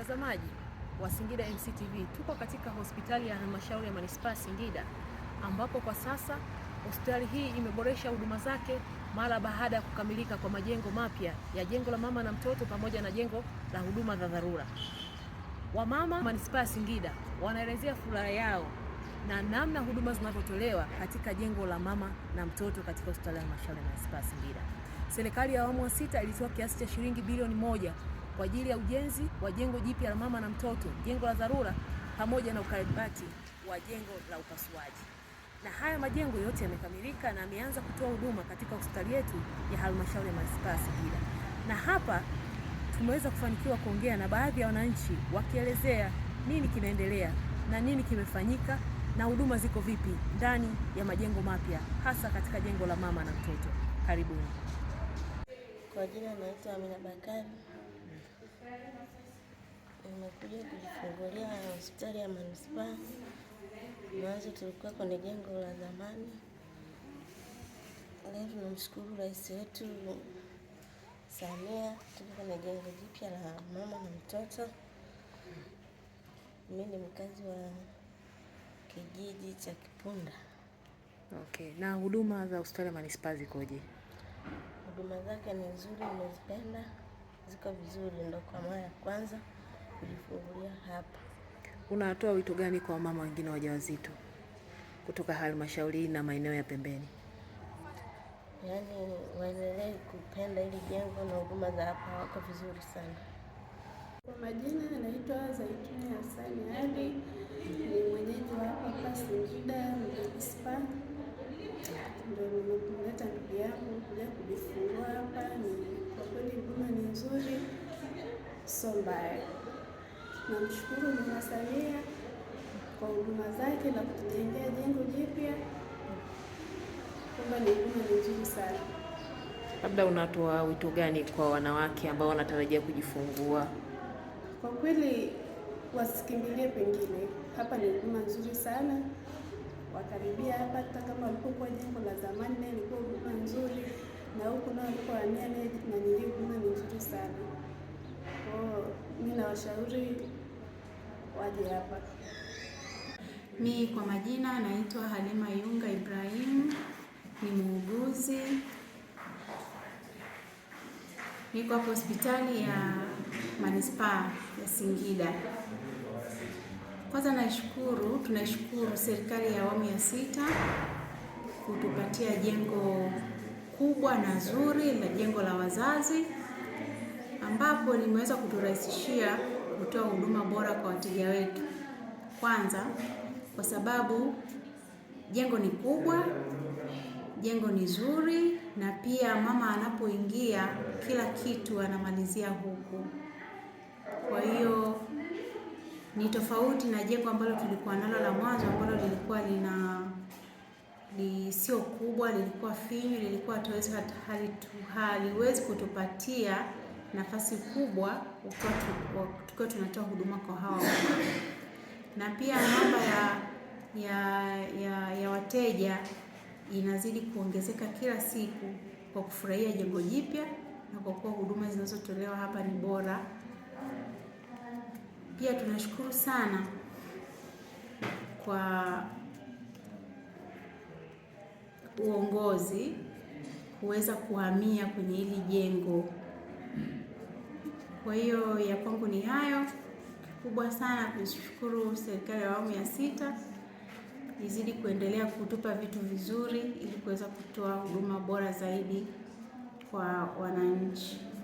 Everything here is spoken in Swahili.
Mtazamaji wa Singida MCTV, tuko katika hospitali ya halmashauri ya manispaa Singida, ambapo kwa sasa hospitali hii imeboresha huduma zake mara baada ya kukamilika kwa majengo mapya ya jengo la mama na mtoto pamoja na jengo la huduma za dharura. Wamama manispaa ya Singida wanaelezea furaha yao na namna huduma zinavyotolewa katika jengo la mama na mtoto katika hospitali ya halmashauri ya manispaa Singida. Serikali ya awamu wa sita ilitoa kiasi cha shilingi bilioni moja kwa ajili ya ujenzi wa jengo jipya la mama na mtoto, jengo la dharura, pamoja na ukarabati wa jengo la upasuaji. Na haya majengo yote yamekamilika na ameanza kutoa huduma katika hospitali yetu ya halmashauri ya manispaa Singida. Na hapa tumeweza kufanikiwa kuongea na baadhi ya wananchi wakielezea nini kinaendelea na nini kimefanyika na huduma ziko vipi ndani ya majengo mapya hasa katika jengo la mama na mtoto. Karibuni. Kwa jina naitwa Amina Bakari. Nimekuja kujifungulia hospitali ya manispaa. Mwanzo tulikuwa kwenye jengo la zamani. Leo tunamshukuru rais wetu Samia, tuko kwenye jengo jipya la mama na mtoto. Mimi ni mkazi wa kijiji cha Kipunda. Okay. Na huduma za hospitali ya manispaa zikoje? Huduma zake ni nzuri, nimezipenda, ziko vizuri, ndo kwa mara ya kwanza kujifungulia hapa. Unatoa wito gani kwa wamama wengine wajawazito kutoka halmashauri na maeneo ya pembeni? Yaani waendelee kupenda ili jengo na huduma za hapa wako vizuri sana. Kwa majina anaitwa Zaituni Hasani Ali, ni mwenyeji wa hapa Singida manispaa. Ndio nimekuleta ndugu yangu kuja kujifungua hapa. Ni kwa kweli huduma ni nzuri, so mbaya Namshukuru Mama Samia kwa huduma zake na kutujengea jengo jipya, kwamba ni huduma nzuri sana. Labda unatoa wito gani kwa wanawake ambao wanatarajia kujifungua? Kwa kweli wasikimbilie pengine, hapa ni huduma nzuri sana, wakaribia hapa. Hata kama walipokuwa jengo la zamani, naye ilikuwa huduma nzuri, na huku nao walikohamia, naye nanilii huduma ni nzuri sana. Kwa hiyo mi nawashauri waje hapa. Mi kwa majina naitwa Halima Yunga Ibrahim, ni muuguzi, niko hapo hospitali ya manispaa ya Singida. Kwanza naishukuru, tunaishukuru serikali ya awamu ya sita kutupatia jengo kubwa na zuri la jengo la wazazi ambapo limeweza kuturahisishia kutoa huduma bora kwa wateja wetu. Kwanza kwa sababu jengo ni kubwa, jengo ni zuri, na pia mama anapoingia kila kitu anamalizia huku. Kwa hiyo ni tofauti na jengo ambalo tulikuwa nalo la mwanzo ambalo lilikuwa lina ni sio kubwa, lilikuwa finyu, lilikuwa haliwezi kutupatia nafasi kubwa tukiwa tunatoa huduma kwa hawa na pia namba ya, ya, ya, ya wateja inazidi kuongezeka kila siku kwa kufurahia jengo jipya na kwa kuwa huduma zinazotolewa hapa ni bora. Pia tunashukuru sana kwa uongozi kuweza kuhamia kwenye hili jengo. Kwa hiyo ya kwangu ni hayo. Kikubwa sana kushukuru serikali ya awamu ya sita izidi kuendelea kutupa vitu vizuri ili kuweza kutoa huduma bora zaidi kwa wananchi.